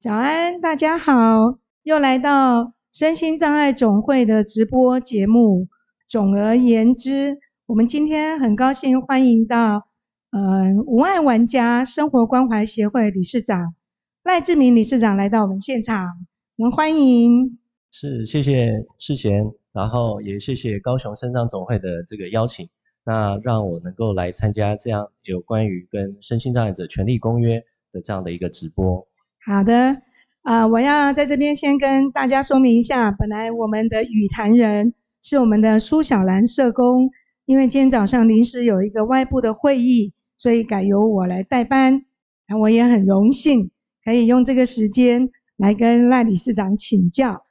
早安，大家好，又來到身心障礙總會的直播節目。總而言之，我們今天很高興歡迎到，嗯、呃，無礙玩家生活關懷協會理事長賴志明理事長來到我們現場，我們歡迎。是，謝謝世賢，然後也謝謝高雄身障總會的這個邀請，那讓我能夠來參加這樣有關於跟身心障礙者權利公約的這樣的一個直播。好的，啊、呃，我要在這邊先跟大家說明一下，本來我們的與談人是我們的蘇小蘭社工，因為今天早上臨時有一個外部的會議，所以改由我來代班。那我也很榮幸可以用這個時間來跟賴理事長請教。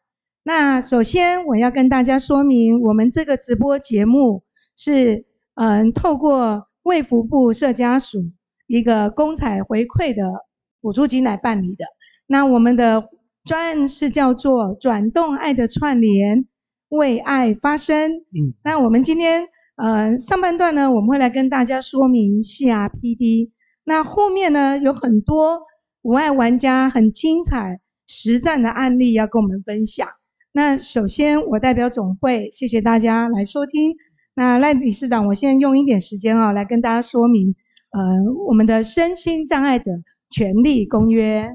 那首先我要跟大家說明，我們這個直播節目是嗯、呃，透過衛福部社家署一個公彩回饋的。補助金來辦理的。那我們的專案是叫做“轉動愛的串聯，為愛發聲”。嗯，那我們今天呃上半段呢，我們會來跟大家說明一下 CRPD。那後面呢，有很多無礙玩家很精彩實戰的案例要跟我們分享。那首先，我代表總會謝謝大家來收聽。那賴理事長，我先用一點時間啊、哦，來跟大家說明呃我們的身心障礙者。權利公約，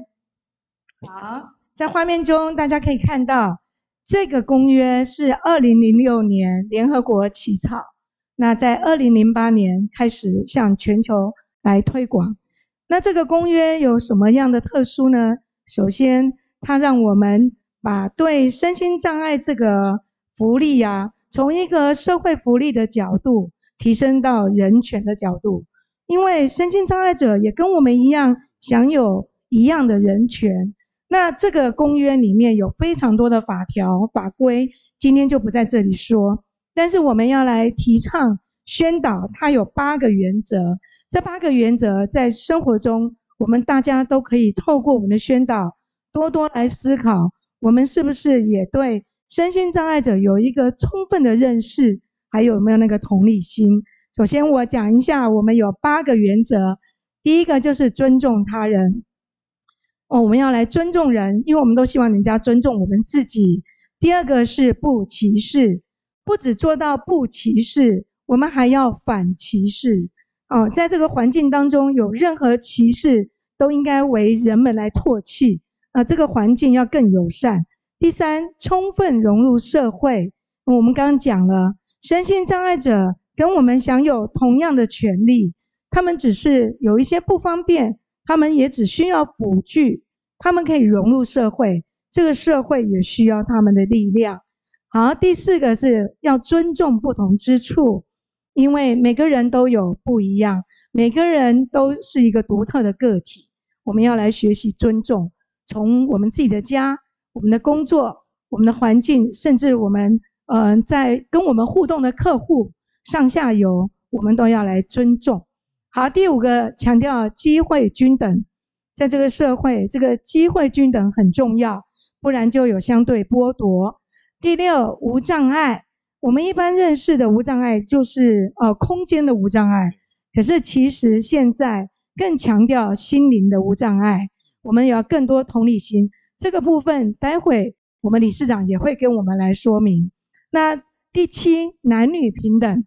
好，在畫面中大家可以看到，這個公約是二零零六年聯合國起草，那在二零零八年開始向全球來推廣。那這個公約有什麼樣的特殊呢？首先，它讓我們把對身心障礙這個福利啊，從一個社會福利的角度提升到人權的角度，因為身心障礙者也跟我們一樣。享有一樣的人權。那這個公約裡面有非常多的法條法規，今天就不在這裡說。但是我們要來提倡宣導，它有八個原則。這八個原則在生活中，我們大家都可以透過我們的宣導，多多來思考，我們是不是也對身心障礙者有一個充分的認識，還有沒有那個同理心？首先，我講一下，我們有八個原則。第一個就是尊重他人哦，oh, 我們要來尊重人，因為我們都希望人家尊重我們自己。第二個是不歧視，不只做到不歧視，我們還要反歧視哦。Oh, 在這個環境當中，有任何歧視都應該為人們來唾棄啊，oh, 這個環境要更友善。第三，充分融入社會。Oh, 我們剛剛講了，身心障礙者跟我們享有同樣的權利。他們只是有一些不方便，他們也只需要輔具，他們可以融入社會，這個社會也需要他們的力量。好，第四個是要尊重不同之處，因為每個人都有不一樣，每個人都是一個獨特的個體，我們要來學習尊重。從我們自己的家、我們的工作、我們的環境，甚至我們嗯、呃、在跟我們互動的客戶、上下游，我們都要來尊重。好，第五個強調機會均等，在這個社會，這個機會均等很重要，不然就有相對剝奪。第六，無障礙，我們一般認識的無障礙就是呃空間的無障礙，可是其實現在更強調心靈的無障礙，我們有更多同理心。這個部分待會我們理事長也會跟我們來說明。那第七，男女平等，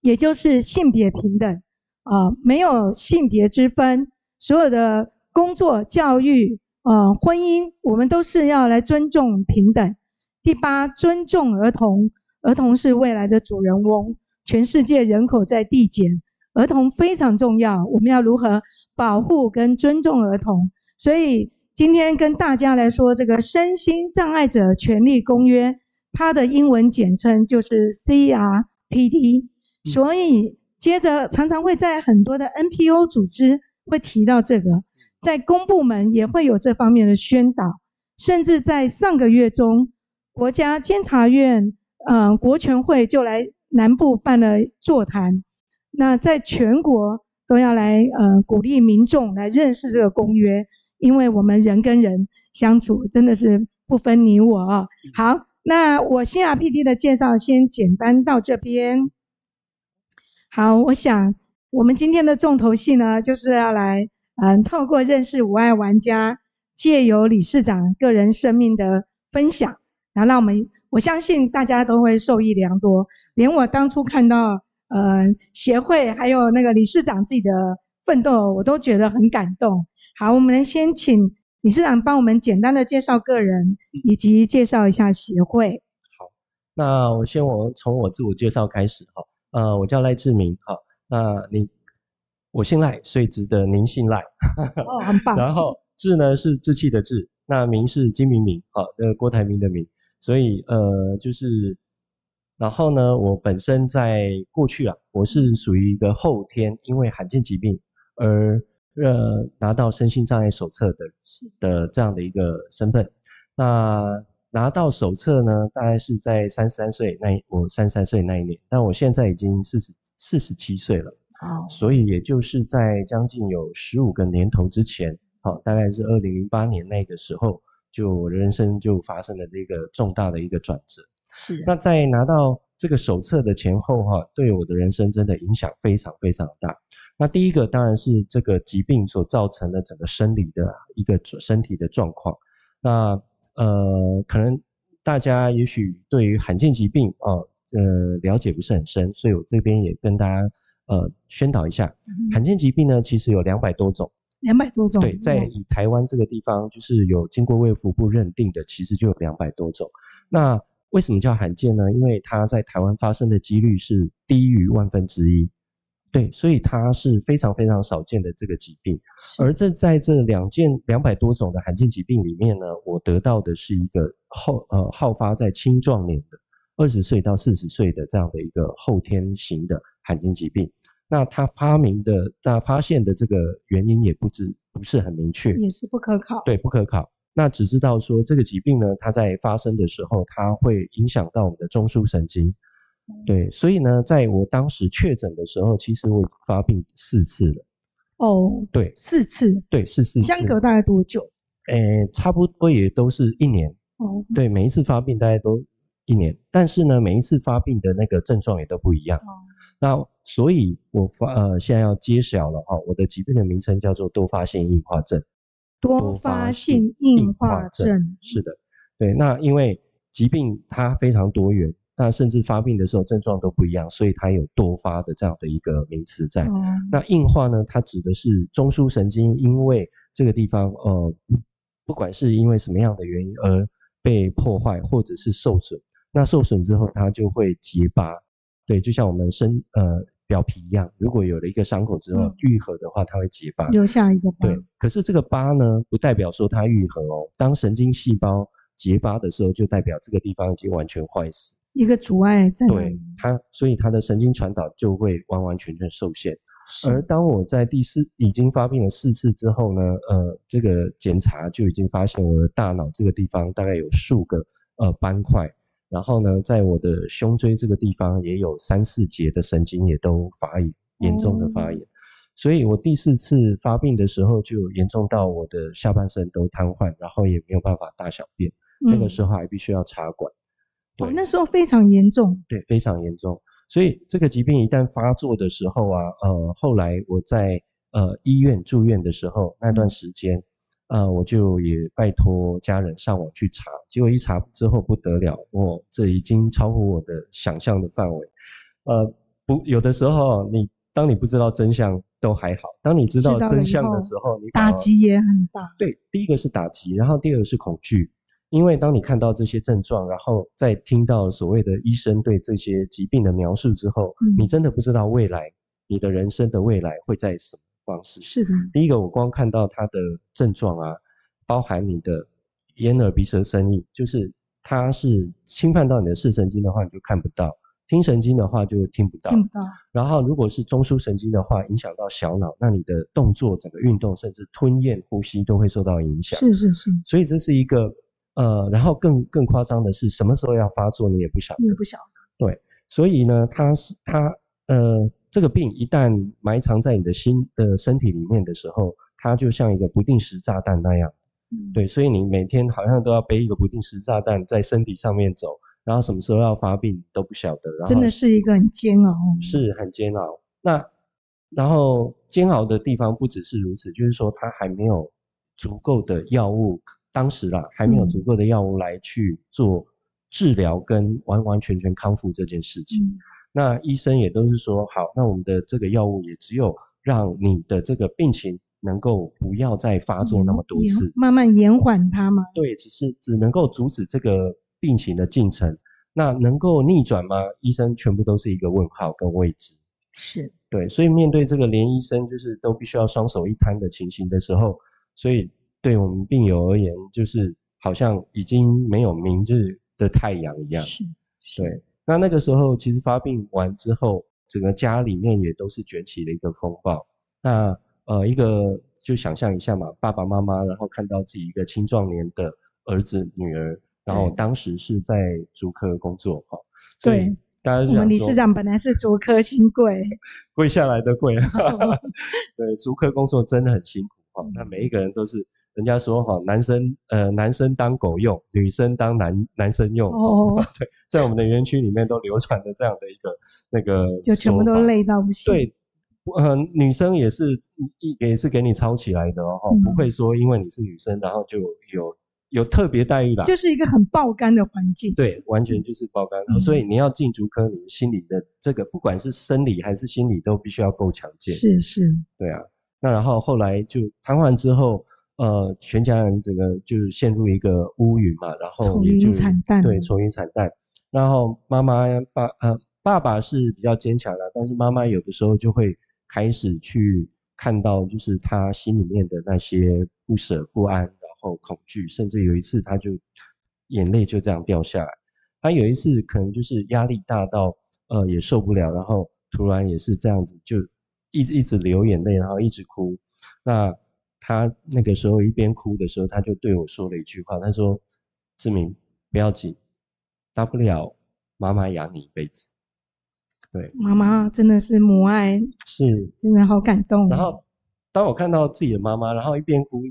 也就是性別平等。啊、呃，沒有性別之分，所有的工作、教育、呃婚姻，我們都是要來尊重平等。第八，尊重兒童，兒童是未來的主人翁。全世界人口在遞減，兒童非常重要，我們要如何保護跟尊重兒童？所以今天跟大家來說，這個《身心障礙者權利公約》，它的英文簡稱就是 CRPD，所以、嗯。接着，常常會在很多的 NPO 組織會提到這個，在公部門也會有這方面的宣導，甚至在上個月中，國家監察院，呃，國權會就來南部辦了座談，那在全國都要來，呃，鼓勵民眾來認識這個公約，因為我們人跟人相處真的是不分你我啊、哦。好，那我 CRPD 的介紹先簡單到這邊。好，我想我們今天的重頭戲呢，就是要來嗯、呃，透過認識無礙玩家，借由理事長個人生命的分享，然後讓我們我相信大家都會受益良多。連我當初看到嗯、呃、協會還有那個理事長自己的奮鬥，我都覺得很感動。好，我們先請理事長幫我們簡單的介紹個人，以及介紹一下協會。好，那我先我從我自我介紹開始。呃，我叫賴志明，好，那您，我姓賴，所以值得您信賴、 哦。很棒。然後志呢是志氣的志，那明是金明明好、呃，郭台銘的明。所以，呃，就是，然後呢，我本身在過去啊，我是屬於一個後天因為罕見疾病而呃拿到身心障礙手冊的的這樣的一個身份。那拿到手冊呢，大概是在三十三歲。那我三十三歲那一年，但我現在已經四十四十七歲了，哦，所以也就是在將近有十五個年頭之前，好，大概是二零零八年那個時候，就我的人生就發生了這個重大的一個轉折。是啊。那在拿到這個手冊的前後，哈，對我的人生真的影響非常非常大。那第一個當然是這個疾病所造成的整個生理的一個身體的狀況，那。呃，可能大家也許對於罕見疾病啊，呃，了解不是很深，所以我這邊也跟大家呃宣導一下。罕見疾病呢，其實有兩百多種。兩百多種。對，在以台灣這個地方，就是有經過衛福部認定的，其實就有兩百多種。那為什麼叫罕見呢？因為它在台灣發生的幾率是低於萬分之一。對，所以它是非常非常少見的這個疾病，是而這在這兩件兩百多種的罕見疾病裡面呢，我得到的是一個後呃好發在青壯年的二十歲到四十歲的這樣的一個後天型的罕見疾病。那它發明的、它發現的這個原因也不知不是很明確，也是不可考。對，不可考。那只知道說這個疾病呢，它在發生的時候，它會影響到我們的中樞神經。對，所以呢，在我當時確診的時候，其實我發病四次了。哦，對，四次，對，四次，相隔大概多久？誒，差不多也都是一年。哦，對，每一次發病大概都一年，但是呢，每一次發病的那個症狀也都不一樣。哦、那所以我發呃，現在要揭曉了哈、哦，我的疾病的名稱叫做多發性硬化症。多發性硬化症，化症症，是的，對。那因為疾病它非常多元。那甚至發病的時候症狀都不一樣，所以它有多發的這樣的一個名詞在。Oh. 那硬化呢，它指的是中樞神經，因為這個地方呃，不管是因為什麼樣的原因而被破壞或者是受損，那受損之後它就會結疤。對，就像我們身呃表皮一樣，如果有了一個傷口之後愈合的話，它會結疤，留下一個疤。oh. 對，對，可是這個疤呢，不代表說它愈合哦、喔。當神經細胞結疤的時候，就代表這個地方已經完全壞死。一個阻礙在那裡，對，他，所以他的神經傳導就會完完全全受限。是而當我在第四已經發病了四次之後呢，呃，這個檢查就已經發現我的大腦這個地方大概有數個呃斑塊，然後呢，在我的胸椎這個地方也有三四節的神經也都發炎，嚴重的發炎。嗯、所以我第四次發病的時候就嚴重到我的下半身都癱瘓，然後也沒有辦法大小便，嗯、那個時候還必須要插管。對、哦，那時候非常嚴重。對，非常嚴重。所以這個疾病一旦發作的時候啊，呃，後來我在呃醫院住院的時候，那段時間，嗯、呃，我就也拜托家人上網去查，結果一查之後不得了，我、哦、這已經超乎我的想象的範圍。呃，不，有的時候你當你不知道真相都還好，當你知道真相的時候，你打擊也很大。對，第一個是打擊，然後第二個是恐懼。因為當你看到這些症狀，然後再聽到所謂的醫生對這些疾病的描述之後，嗯、你真的不知道未來你的人生的未來會在什麼方式。是的。第一個，我光看到他的症狀啊，包含你的眼、耳、鼻、舌、身、意，就是他是侵犯到你的視神經的話，你就看不到；聽神經的話就聽不到；聽不到。然後，如果是中樞神經的話，影響到小腦，那你的動作、整個運動，甚至吞咽、呼吸都會受到影響。是是是。所以這是一個。呃，然後更更誇張的是，什麼時候要發作你也不曉得，你不曉得。對，所以呢，它是它呃，這個病一旦埋藏在你的心的身體裡面的時候，它就像一個不定時炸彈那樣。嗯，對，所以你每天好像都要背一個不定時炸彈在身體上面走，然後什麼時候要發病都不曉得。然後真的是一個很煎熬。是很煎熬。那然後煎熬的地方不只是如此，就是說它還沒有足夠的藥物。當時啦，還沒有足夠的藥物來去做治療跟完完全全康復這件事情。嗯、那醫生也都是說，好，那我們的這個藥物也只有讓你的這個病情能夠不要再發作那麼多次，嗯、慢慢延緩它嗎？對，只是只能夠阻止這個病情的進程，那能夠逆轉嗎？醫生全部都是一個問號跟位置。是，對，所以面對這個連醫生就是都必須要雙手一攤的情形的時候，所以。對我們病友而言，就是好像已經沒有明日的太陽一樣。是，對。那那個時候，其實發病完之後，整個家裡面也都是捲起了一個風暴。那呃，一個就想象一下嘛，爸爸媽媽，然後看到自己一個青壯年的兒子、女兒，對然後當時是在竹科工作哈。對，哦、當然我們理事長本來是竹科新貴，貴下來的貴。Oh. 對，竹科工作真的很辛苦哈、 哦。那每一個人都是。人家說哈，男生呃，男生當狗用，女生當男男生用。哦。Oh. 對，在我們的園區裡面都流傳着這樣的一個那個。就全部都累到不行。對，呃，女生也是，也是給你操起來的哦、喔，嗯、不會說因為你是女生，然後就有有特別待遇啦。就是一個很爆肝的環境。對，完全就是爆肝，嗯、所以你要進竹科，你心理的這個，不管是生理還是心理，都必須要夠強健。是是。對啊，那然後後來就癱瘓之後。呃，全家人這個就陷入一個烏雲嘛，然後也就愁雲慘淡，對，愁雲慘淡。然後媽媽爸呃，爸爸是比較堅強的，但是媽媽有的時候就會開始去看到，就是他心裡面的那些不捨、不安，然後恐懼，甚至有一次他就眼淚就這樣掉下來。他有一次可能就是壓力大到呃也受不了，然後突然也是這樣子，就一直一直流眼淚，然後一直哭。那。他那個時候一邊哭的時候，他就對我說了一句話，他說：“志明，不要緊，大不了媽媽養你一輩子。”對，媽媽真的是母愛，是，真的好感動。然後，當我看到自己的媽媽，然後一邊哭，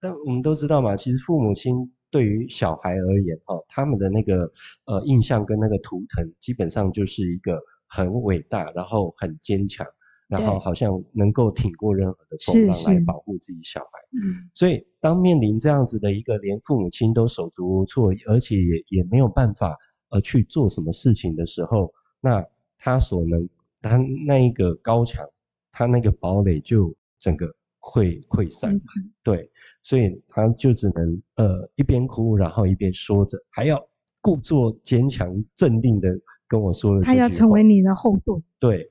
但我們都知道嘛，其實父母親對於小孩而言，哦，他們的那個呃印象跟那個圖騰，基本上就是一個很偉大，然後很堅強。然後好像能夠挺過任何的風浪，來保護自己小孩，是是，嗯，所以當面臨這樣子的一個連父母親都手足無措，而且也也沒有辦法呃去做什麼事情的時候，那他所能，他那一個高牆，他那個堡壘就整個潰潰散了，嗯哼，對，所以他就只能呃一邊哭，然後一邊說着，還要故作堅強鎮定的跟我說了，他要成為你的後盾，對。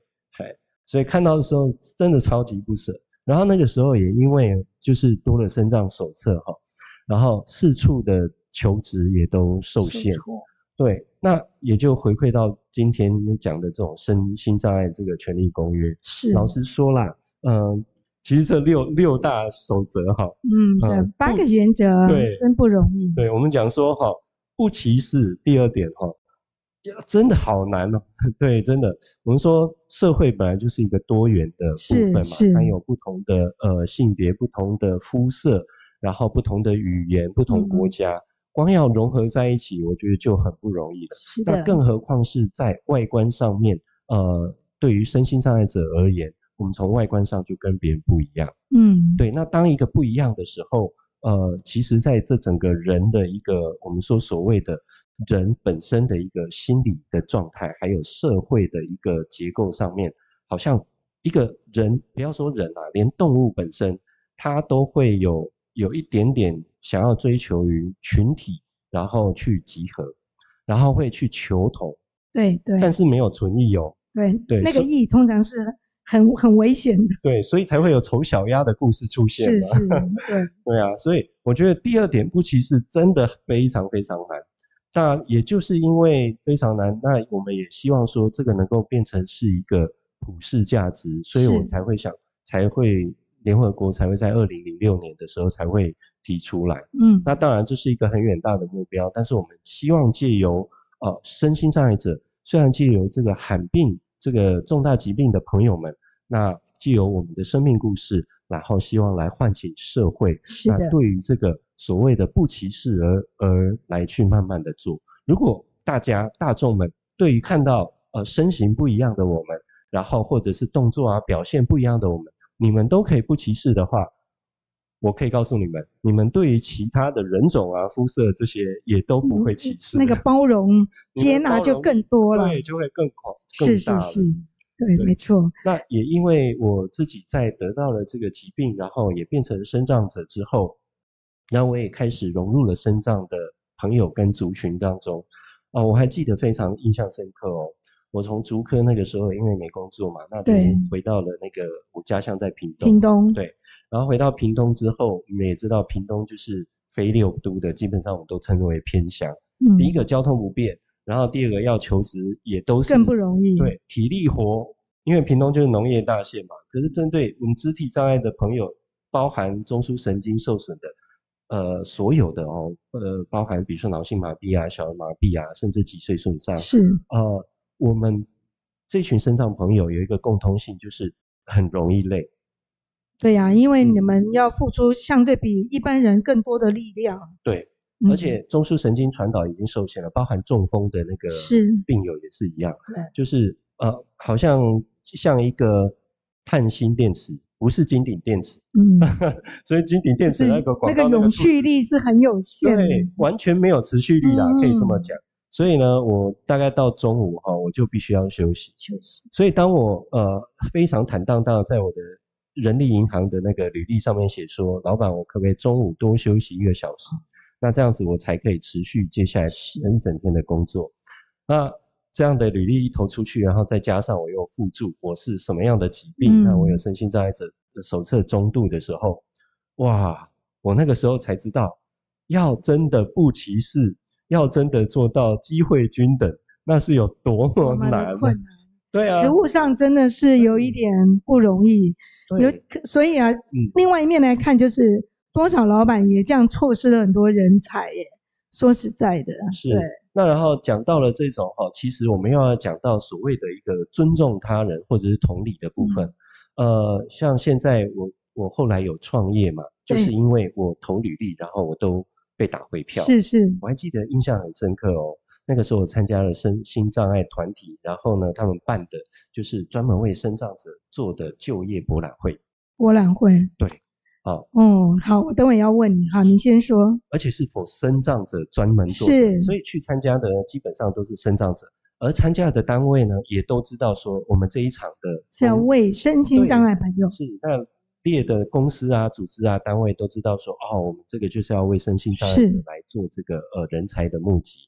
所以看到的時候真的超級不捨，然後那個時候也因為就是多了身障手冊哈，然後四處的求職也都受限，受處對，那也就回饋到今天你講的這種身心障礙這個權利公約，是老實說啦，嗯、呃，其實這六六大守則哈，呃、嗯，這八個原則不對真不容易，對我們講說哈，不歧視第二點哈。真的好難哦、喔，對，真的。我們說社會本來就是一個多元的部分嘛，它有不同的呃性別、不同的膚色，然後不同的語言、不同國家，嗯、光要融合在一起，我覺得就很不容易了。是的。那更何況是在外觀上面，呃，對於身心障礙者而言，我們從外觀上就跟別人不一樣。嗯，對。那當一個不一樣的時候，呃，其實在這整個人的一個我們說所謂的。人本身的一個心理的狀態，還有社會的一個結構上面，好像一個人不要說人啊，連動物本身，它都會有有一點點想要追求於群體，然後去集合，然後會去求同。對對，但是沒有存異哦。對對，對那個異通常是很很危險的。對，所以才會有醜小鴨的故事出現。是是，對 對啊。所以我覺得第二點不歧視真的非常非常難。那也就是因為非常難，那我們也希望說這個能夠變成是一個普世價值，是所以我才會想，才會聯合國才會在二零零六年的時候才會提出來。嗯，那當然這是一個很遠大的目標，但是我們希望借由呃身心障礙者，雖然借由這個罕病這個重大疾病的朋友們，那借由我們的生命故事，然後希望來喚醒社會，的那對於這個。所謂的不歧視而而來去慢慢的做。如果大家大眾們對於看到呃身形不一樣的我們，然後或者是動作啊、表現不一樣的我們，你們都可以不歧視的話，我可以告訴你們，你們對於其他的人種啊、膚色這些也都不會歧視。那個包容接納就更多了。 對，就會更廣，更大，是是是，對，對沒錯。那也因為我自己在得到了這個疾病，然後也變成身障者之後，然後我也開始融入了身障的朋友跟族群當中，哦、啊，我還記得非常印象深刻哦。我從竹科那個時候，因為沒工作嘛，對那就回到了那個我家鄉在屏東。屏東對，然後回到屏東之後，你們也知道，屏東就是非六都的，基本上我們都稱為偏鄉。嗯。第一個交通不便，然後第二個要求職也都是更不容易。對，體力活，因為屏東就是農業大縣嘛。可是針對我們肢體障礙的朋友，包含中樞神經受損的。呃，所有的哦，呃，包含比如說腦性麻痹啊、小兒麻痹啊，甚至脊髓損傷，是呃，我們這群身障朋友有一個共通性，就是很容易累。對呀、啊，因為你們要付出相對比一般人更多的力量。嗯、對，而且中樞神經傳導已經受限了，包含中風的那個病友也是一樣，是。對，就是呃，好像像一個碳鋅電池。不是金頂電池，嗯， 所以金頂電池那個廣告那個，那個永續力是很有限的，對，完全沒有持續力啦，嗯、可以這麼講。所以呢，我大概到中午哈，我就必須要休息休息。所以當我呃非常坦蕩蕩，在我的人力銀行的那個履歷上面寫說，老闆，我可不可以中午多休息一個小時？嗯、那這樣子我才可以持續接下來一整、整天的工作。是那。這樣的履歷一投出去，然後再加上我又附註我是什麼樣的疾病，那、嗯啊、我有身心障礙者的手冊中度的時候，哇，我那個時候才知道，要真的不歧視，要真的做到機會均等，那是有多麼難，困難，對啊，實務上真的是有一點不容易，有、嗯，所以啊，嗯、另外一面來看，就是多少老闆也這樣錯失了很多人才耶、欸。說實在的，是對那然後講到了這種哈，其實我們又要講到所謂的一個尊重他人或者是同理的部分。嗯、呃，像現在我我後來有創業嘛，對就是因為我投履歷，然後我都被打回票。是是，我還記得印象很深刻哦。那個時候我參加了身心障礙團體，然後呢，他們辦的就是專門為身障者做的就業博覽會。博覽會。對。好，哦、嗯，好，我等會要問你，好，您先說。而且是否身障者專門做？是，所以去參加的基本上都是身障者，而參加的單位呢，也都知道說我們這一場的是要為身心障礙朋友。是，那列的公司啊、組織啊、單位都知道說，哦，我們這個就是要為身心障礙者來做這個是呃人才的募集。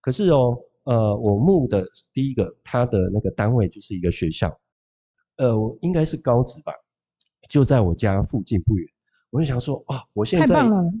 可是哦，呃，我募的第一個他的那個單位就是一個學校，呃，我應該是高職吧。就在我家附近不遠，我就想說啊，我現在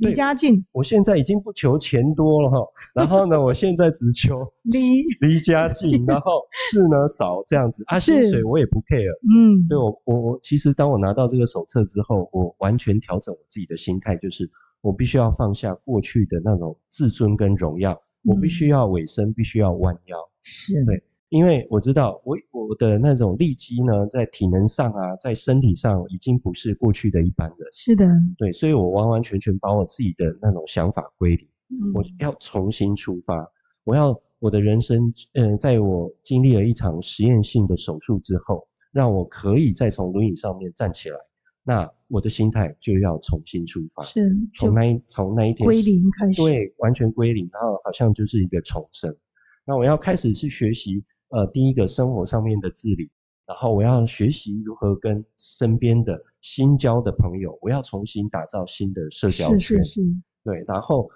離家近，我現在已經不求錢多了哈。然後呢，我現在只求離離家近，家家然後事呢少這樣子。啊薪是水我也不 care。嗯，對我我我其實當我拿到這個手冊之後，我完全調整我自己的心態，就是我必須要放下過去的那種自尊跟榮耀，嗯、我必須要委身，必須要彎腰，是，對。因為我知道，我我的那種力肌呢，在體能上啊，在身體上已經不是過去的一般人。是的，對，所以我完完全全把我自己的那種想法歸零，嗯、我要重新出發。我要我的人生，嗯、呃，在我經歷了一場實驗性的手術之後，讓我可以再從輪椅上面站起來。那我的心態就要重新出發，是從那一從那一天歸零開始，開始對，完全歸零，然後好像就是一個重生。那我要開始去學習。呃，第一個生活上面的自理，然後我要學習如何跟身邊的新交的朋友，我要重新打造新的社交圈。是是是，對，然後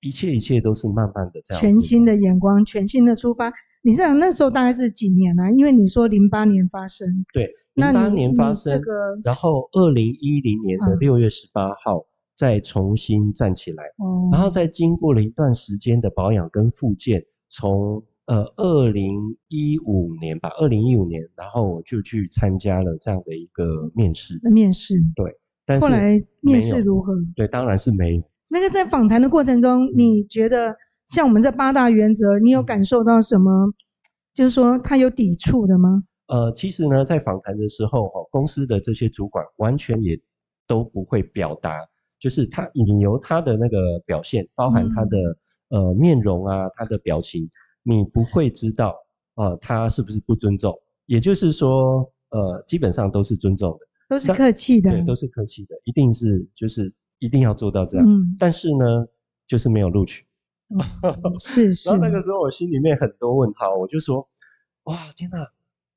一切一切都是慢慢的這樣的。全新的眼光，全新的出發。你想那時候大概是幾年啊？嗯，因為你說零八年發生，對，零八年發生，你然後二零一零年的六月十八號再重新站起來，嗯，然後再經過了一段時間的保養跟復健，從。呃，二零一五年吧，二零一五年，然後我就去參加了這樣的一個面試。面試，對，但是後來面試如何？對，當然是沒有。那個在訪談的過程中，嗯、你覺得像我們這八大原則，你有感受到什麼？嗯、就是說他有抵觸的嗎？呃，其實呢，在訪談的時候，公司的這些主管完全也都不會表達，就是他引由他的那個表現，包含他的呃、嗯、面容啊，他的表情。你不會知道，呃，他是不是不尊重？也就是說，呃，基本上都是尊重的，都是客氣的，對，都是客氣的，一定是就是一定要做到這樣。嗯、但是呢，就是沒有錄取。是、嗯、是。是 然後那個時候，我心裡面很多問號，我就說，哇，天哪，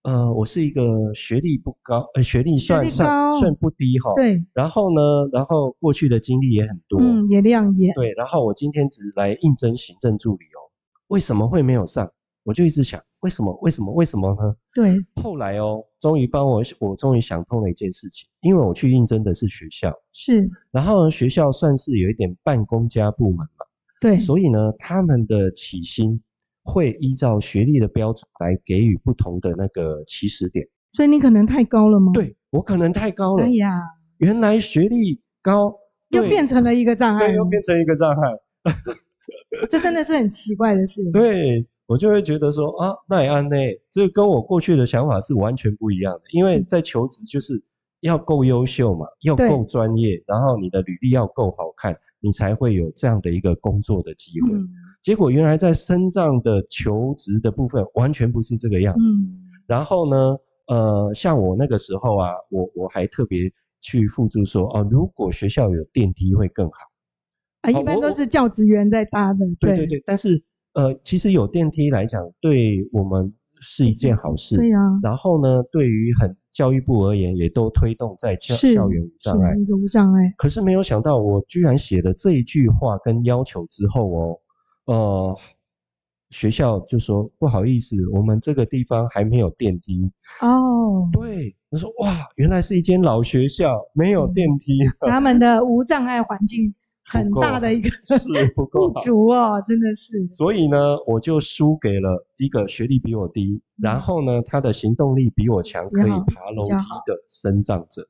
呃，我是一個學歷不高，呃，學歷算學算算不低哈，對。然後呢，然後過去的經歷也很多，嗯，也亮眼，對。然後我今天只來應徵行政助理哦、喔。為什麼會沒有上？我就一直想，為什麼？為什麼？為什麼呢？對。後來哦、喔，終於幫我，我終於想通了一件事情，因為我去應徵的是學校，是。然後呢，學校算是有一點辦公家部門嘛。對。所以呢，他們的起薪會依照學歷的標準來給予不同的那個起始點。所以你可能太高了嗎？對，我可能太高了。哎呀，原來學歷高又變成了一個障礙。對，又變成一個障礙。 這真的是很奇怪的事情。對，我就會覺得說啊，那也按呢，這跟我過去的想法是完全不一樣的。因為在求職就是要夠優秀嘛，要夠專業，對然後你的履歷要夠好看，你才會有這樣的一個工作的機會。嗯、結果原來在身障的求職的部分完全不是這個樣子。嗯、然後呢，呃，像我那個時候啊，我我還特別去附注說啊，如果學校有電梯會更好。啊，一般都是教職員在搭的哦。對對對，但是呃，其實有電梯來講，對我們是一件好事。嗯、對啊。然後呢，對於很教育部而言，也都推動在教校，是校園無障礙，是是無障礙。可是沒有想到，我居然寫了這一句話跟要求之後哦，呃，學校就說不好意思，我們這個地方還沒有電梯哦。對，就說哇，原來是一間老學校沒有電梯，嗯、 他們的無障礙環境。很大的一個是不足哦，真的是。所以呢，我就輸給了一個學歷比我低，然後呢，他的行動力比我強，可以爬樓梯的身障者。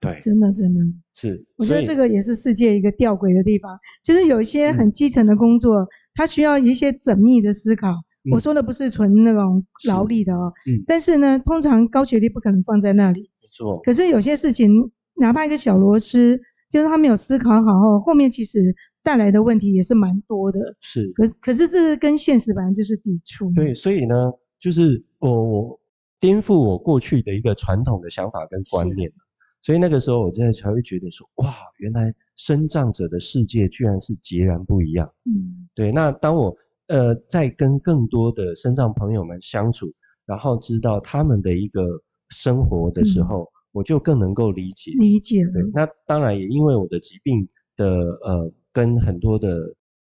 對，真的真的。是，我覺得這個也是世界一個吊詭的地方，就是有一些很基層的工作，他需要一些縝密的思考。我說的不是純那種勞力的哦。但是呢，通常高學歷不可能放在那裡。沒錯。可是有些事情，哪怕一個小螺絲。就是他沒有思考好後，後後面其實帶來的問題也是蠻多的。是，可是可是這跟現實反正就是抵觸。對，所以呢，就是我我顛覆我過去的一個傳統的想法跟觀念。是所以那個時候，我真的才會覺得說，哇，原來身障者的世界居然是截然不一樣。嗯，對。那當我呃在跟更多的身障朋友們相處，然後知道他們的一個生活的時候。嗯我就更能夠理解理解。對，那當然也因為我的疾病的呃跟很多的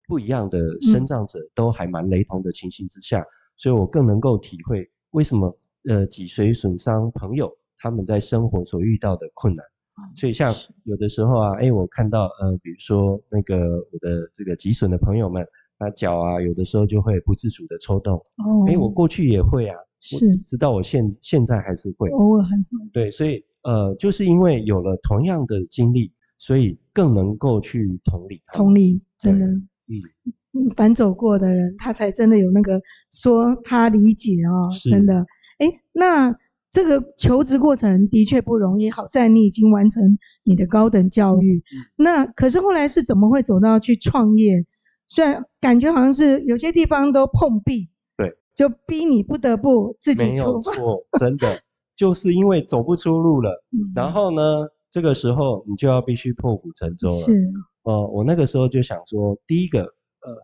不一樣的身障者、嗯、都還蠻雷同的情形之下，所以我更能夠體會為什麼呃脊髓損傷朋友他們在生活所遇到的困難，嗯、所以像有的時候啊，哎是、欸、我看到呃比如說那個我的這個脊損的朋友們，他腳啊有的時候就會不自主的抽動哦，哎、欸、我過去也會啊，是直到我現現在還是會偶爾還會對，所以。呃，就是因為有了同樣的經歷，所以更能夠去同理他。同理，真的，嗯，反走過的人，他才真的有那個說他理解啊、喔，是真的。哎、欸，那這個求職過程的確不容易。好在你已經完成你的高等教育。嗯嗯、那可是後來是怎麼會走到去創業？雖然感覺好像是有些地方都碰壁，對，就逼你不得不自己出。沒有錯，真的。 就是因為走不出路了，嗯、然後呢，這個時候你就要必須破釜沉舟了。是，呃，我那個時候就想說，第一個，呃，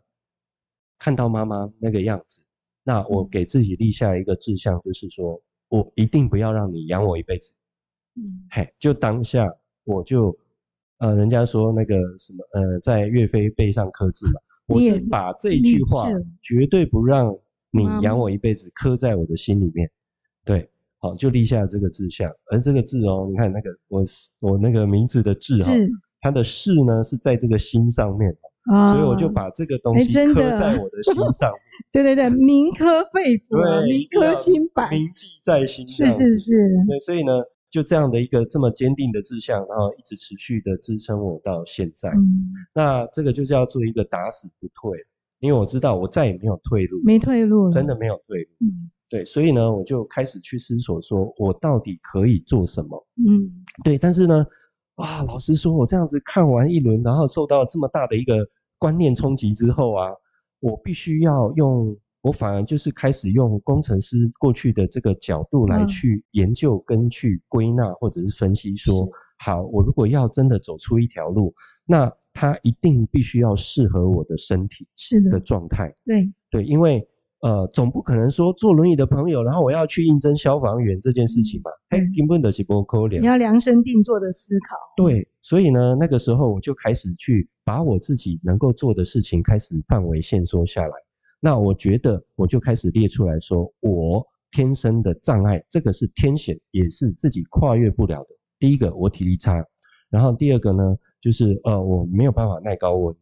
看到媽媽那個樣子，那我給自己立下一個志向，就是說、嗯、我一定不要讓你養我一輩子。嗯，嘿，就當下我就，呃，人家說那個什麼，呃，在岳飛背上刻字嘛，我是把這一句話絕對不讓你養我一輩子刻在我的心裡面，媽媽，對。就立下了這個志向，而這個志哦，喔，你看那個我我那個名字的志，喔，是它他的士呢，是在這個心上面，啊，所以我就把這個東西刻在我的心上面。欸、 對對對，銘刻肺腑，對銘刻心版，銘記在心。是是是。所以呢，就這樣的一個這麼堅定的志向，然後一直持續的支撐我到現在。嗯，那這個就叫做一個打死不退，因為我知道我再也沒有退路，沒退路了，真的沒有退路。嗯對，所以呢，我就開始去思索說，說我到底可以做什麼？嗯，對。但是呢，啊，老實說，我這樣子看完一輪，然後受到這麼大的一個觀念衝擊之後啊，我必須要用，我反而就是開始用工程師過去的這個角度來去研究跟去歸納，或者是分析說，是好，我如果要真的走出一條路，那它一定必須要適合我的身體，是的狀態。的對，對，因為。呃，總不可能說坐輪椅的朋友，然後我要去應徵消防員這件事情吧？嗯，欸，根本就是不可能。你要量身定做的思考。對，所以呢，那個時候我就開始去把我自己能夠做的事情開始範圍限縮下來。那我覺得我就開始列出來說，我天生的障礙，這個是天選，也是自己跨越不了的。第一個，我體力差；然後第二個呢，就是呃，我沒有辦法耐高溫。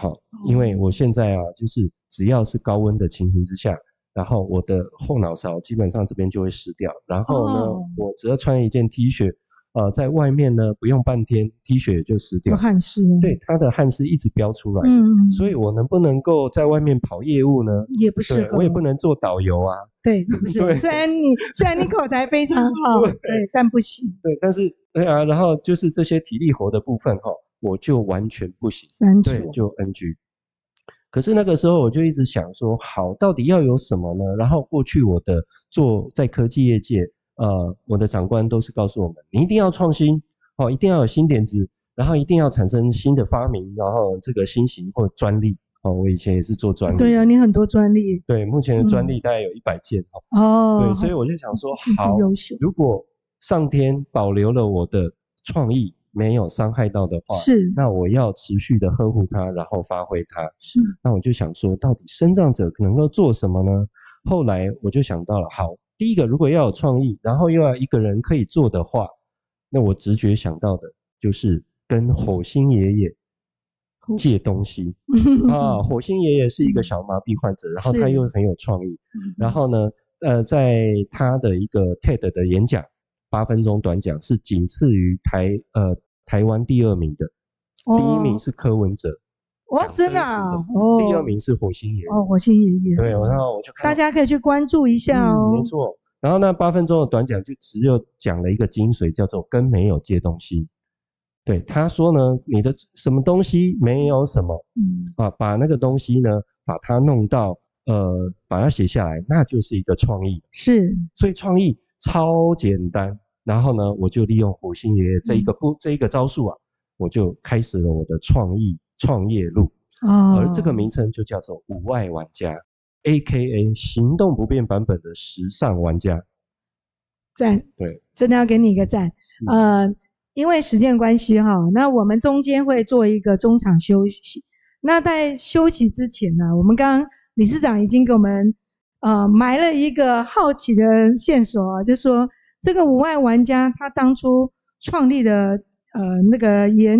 好，因為我現在啊，就是只要是高溫的情形之下，然後我的後腦勺基本上這邊就會濕掉。然後呢，Oh. 我只要穿一件 T 恤，呃，在外面呢，不用半天 T 恤也就濕掉，有汗濕。對，它的汗濕一直飆出來。嗯嗯，所以，我能不能夠在外面跑業務呢？也不是。我也不能做導遊啊。對，不是。對雖然你雖然你口才非常好， 對，對，但不行。對，但是對啊，然後就是這些體力活的部分哈、哦。我就完全不行，三處，對，就 NG。可是那個時候我就一直想說，好，到底要有什麼呢？然後過去我的做在科技業界，呃，我的長官都是告訴我們，你一定要創新哦，一定要有新點子，然後一定要產生新的發明，然後這個新型或專利哦。我以前也是做專利，對啊，你很多專利，對，目前的專利大概有一百件，嗯，哦，對，所以我就想說，好，如果上天保留了我的創意。沒有傷害到的話，是那我要持續的呵護它，然後發揮它。是那我就想說，到底身障者能夠做什麼呢？後來我就想到了，好，第一個如果要有創意，然後又要一個人可以做的話，那我直覺想到的就是跟火星爺爺借東西 啊。火星爺爺是一個小麻痹患者，然後他又很有創意，是然後呢，呃，在他的一個 TED 的演講，八分鐘短講是僅次於台、呃台灣第二名的，哦、第一名是柯文哲，我、哦、真的，哦、第二名是火星爺爺，哦，火星爺爺，對，然後我就看，看，大家可以去關注一下哦，嗯、沒錯，然後那八分鐘的短講就只有講了一個精髓，叫做跟沒有借東西，對，他說呢，你的什麼東西沒有什麼，嗯啊，把那個東西呢，把它弄到呃，把它寫下來，那就是一個創意，是，所以創意。超簡單，然後呢，我就利用火星爺爺這一個不、嗯、這一個招數啊，我就開始了我的創意創業路。哦，而這個名稱就叫做“無礙玩家 ”，A.K.A. 行動不便版本的時尚玩家。贊讚，對，真的要給你一個贊。的呃，因為時間關係哈，那我們中間會做一個中場休息。那在休息之前呢，我們剛理事長已經給我們。呃，埋了一個好奇的線索啊，就是、說這個無礙玩家他當初創立的呃那個原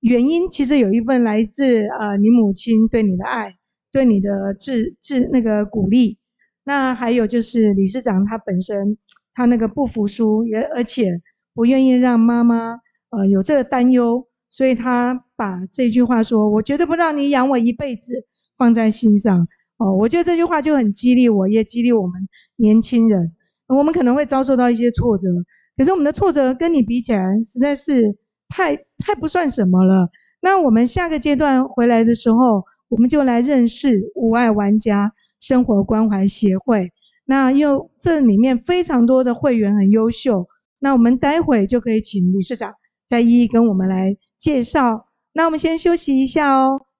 原因，其實有一份來自啊、呃、你母親對你的愛，對你的致致那個鼓勵。那還有就是理事長他本身他那個不服輸，也而且不願意讓媽媽呃有這個擔憂，所以他把這句話說“我絕對不讓你養我一輩子”放在心上。哦，我覺得這句話就很激勵我，也激勵我們年輕人。我們可能會遭受到一些挫折，可是我們的挫折跟你比起來，實在是太太不算什麼了。那我們下個階段回來的時候，我們就來認識無礙玩家生活關懷協會。那又這裡面非常多的會員很優秀，那我們待會就可以請理事長再一一跟我們來介紹。那我們先休息一下哦。